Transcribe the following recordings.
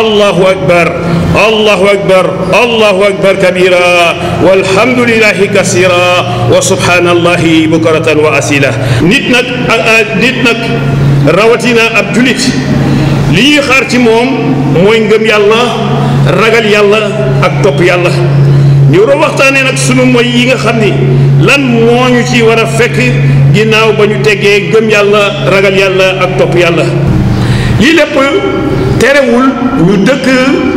الله أكبر الله أكبر الله أكبر كبيرا والحمد لله كثيرا وسبحان الله بكرة وأسيلة نتنك نتنك روتنا أبجلت لي خارتي موم موي نغم يالله ragal yàlla ak topp yàlla ñu war a waxtaanee nag sunu mooy yi nga xam ni lan moo ñu ci war a fekk ginnaaw ba ñu teggee gëm yàlla ragal yàlla ak topp yàlla lii lépp terewul ñu dëkk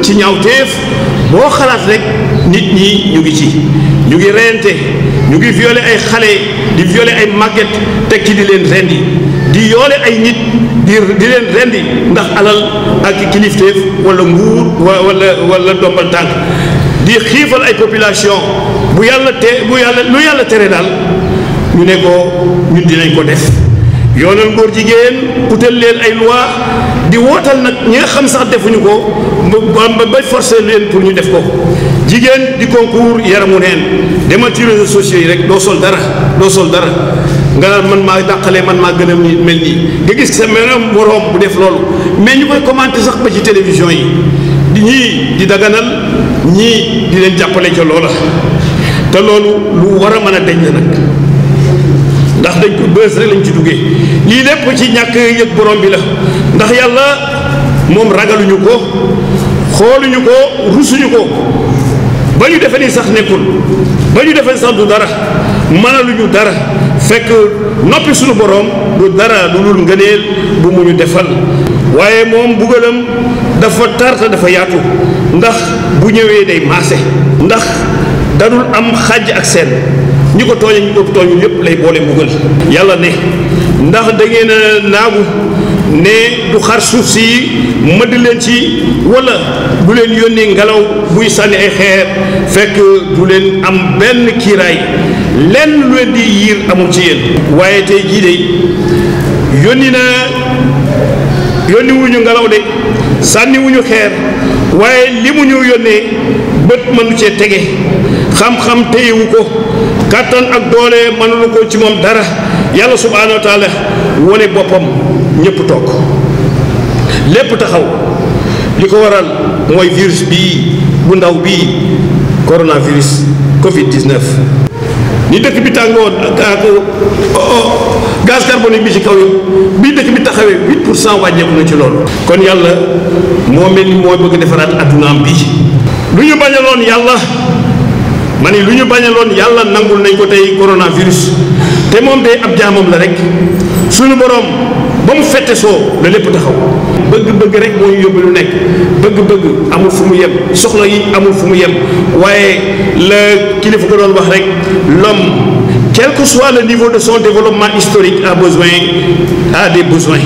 ci ñaawteef boo xalaat rek nit ñi ñu ngi ci ñu ngi reyante ñu ngi violer ay xale di violer ay màgget teg ci di leen rendi di yoole ay nit di di leen rendi ndax alal ak kilifteef wala nguur wala wala dombal tànk di xiifal ay population bu yàlla te bu yàlla lu yàlla tere daal ñu ne ko ñun dinañ ko def yoonal ngóor jigéen utal leen ay loi di wootal nag ñi nga xam sax defuñu ko ba ba forcer leen pour ñu def ko jigéen di concours yaramu neen demal ci réseaux sociaux yi rek doo sol dara doo sol dara nga naan man maa dàqale man maa gën a mel nii nga gis sa menam moroom bu def loolu mais ñu koy commenter sax ba ci télévision yi di ñii di daganal ñii di leen jàppale ca loola te loolu lu war a mën a deñ nag dañ ko bës rek lañ ci duggee lii lépp ci ñàkk yëg borom bi la ndax yàlla moom ragaluñu ko xooluñu ko rusuñu ko ba ñu defee ni sax nekkul ba ñu defee sax du dara mënaluñu dara fekk noppi suñu borom du dara lu lul ngëneel bu mu ñu defal waaye moom bugalam dafa tarta dafa yaatu ndax bu ñëwee day maase ndax danul am xàjj ak seen ñi ko tooñee ñu ëpp tooñu yépp lay boole mbugal yàlla ne ndax dangeen a naagu ne du xar suuf si mëdd leen ci walla bu leen yónni ngelaw buy sànni ay xeer fekk du leen am benn kiiraay lenn lu leen di yiir amul ci yéen waaye tey jii de yónni na yónni ngelaw de sànniwuñu xeer waaye li mu ñu yónnee bët mënu cee tege xam-xam téyewu ko kàttan ak doole mënulu ko ci moom dara yàlla subhaanahu wa taala boppam ñépp toog lépp taxaw li ko waral mooy virus bi bu ndaw bii coronavirus covid 19 ni dëkk bi tàngoo ak oh, oh, gaz bi ci kaw bii dëkk bi taxawee 8 pour cent na ci loolu. kon yàlla moo mel ni moo bëgg defaraat addunaam bii lu ñu bañaloon yàlla ma ni lu ñu bañaloon yàlla nangul nañ ko tey coronavirus. té mom de ab jaamam la rek suñu borom ba fété so soo la taxaw bëgg-bëgg rek moo ñu yóbbu lu nekk bëgg-bëgg amul fu mu yem soxla yi amul fu mu yem wayé le kilifa ko doon wax rek l'homme quel que soit le niveau de son développement historique a besoin a des besoins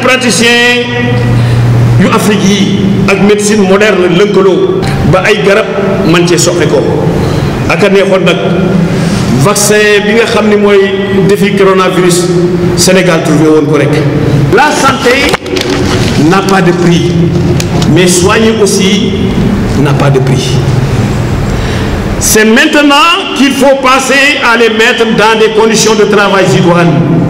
praticien yu Afrique yi ak médecine moderne lëkkaloo ba ay garab man cee soqe ko ak a neexoon vaccin bi nga xam ni défi coronavirus Sénégal trouvé woon ko rek la santé n'a pas de prix mais soigner aussi n'a pas de prix c'est maintenant qu'il faut passer à les mettre dans des conditions de travail idoines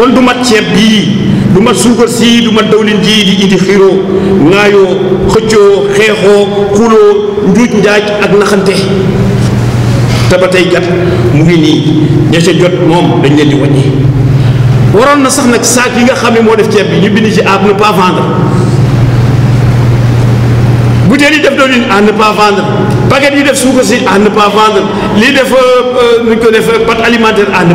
kon du mat ceeb bii du mat suukar sii du mat dawlin jii di indi xiiroo ŋaayoo xëccoo xeexoo xuloo njuuj njaaj ak naxante te ba tey gat mu ngi nii ña ca jot moom dañ leen di wàññi waroon na sax nag saak yi nga xam ne moo def ceeb bi ñu bind ci à ne pas yi def dawlin à ne pas yi def suukar si à ne pas def euh, euh, nuñ ko def pâte alimentaire à ne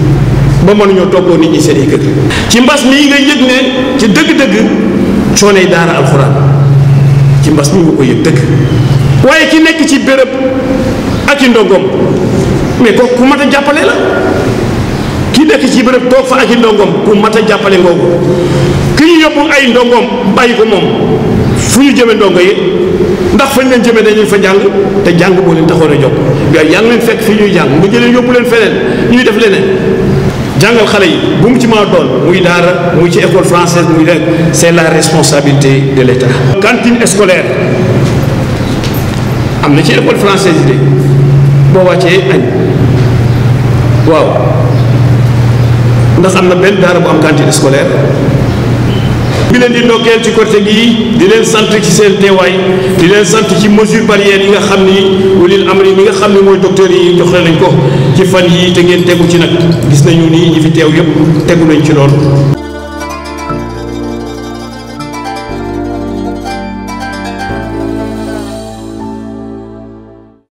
ba nañoo toppoo nit ñi seen i kër ci mbas mii nga yëg ne ci dëgg-dëgg cooney daara alxuraan ci mbas mii nga ko yëg dëgg waaye ki nekk ci béréb ak i ndongom mais kooku ku mat a jàppale la ki nekk ci bërëb toog fa ak i ndongom ku mat a jàppale ngoogu ki ñu yóbbu ay ndongom bàyyi ko moom fu ñu jëme ndongo yi ndax fañ leen jëmee dañuy fa jàng te jàng boo leen taxoon a jóg yooyu yaa ñuy jàng nga jëleen yóbbu leen feneen ñuy def leneen jangal xalé yi bu mu ci ma a doon muy daara muy ci école française muy rek c'est la responsabilité de l'État cantine scolaire am na ci école française yi de boo wàccee añ waaw ndax am na benn daara bu am cantine scolaire bi leen di ndokkeel ci côté gii di leen sant ci seen teewaay di leen sant ci mesure barrière yi nga xam ni walil amri mi nga xam ni mooy docteur yi jox nañ ko ci fan yii te ngeen tegu ci nag gis nañu ni ñi fi teew yëpp tegu nañ ci lool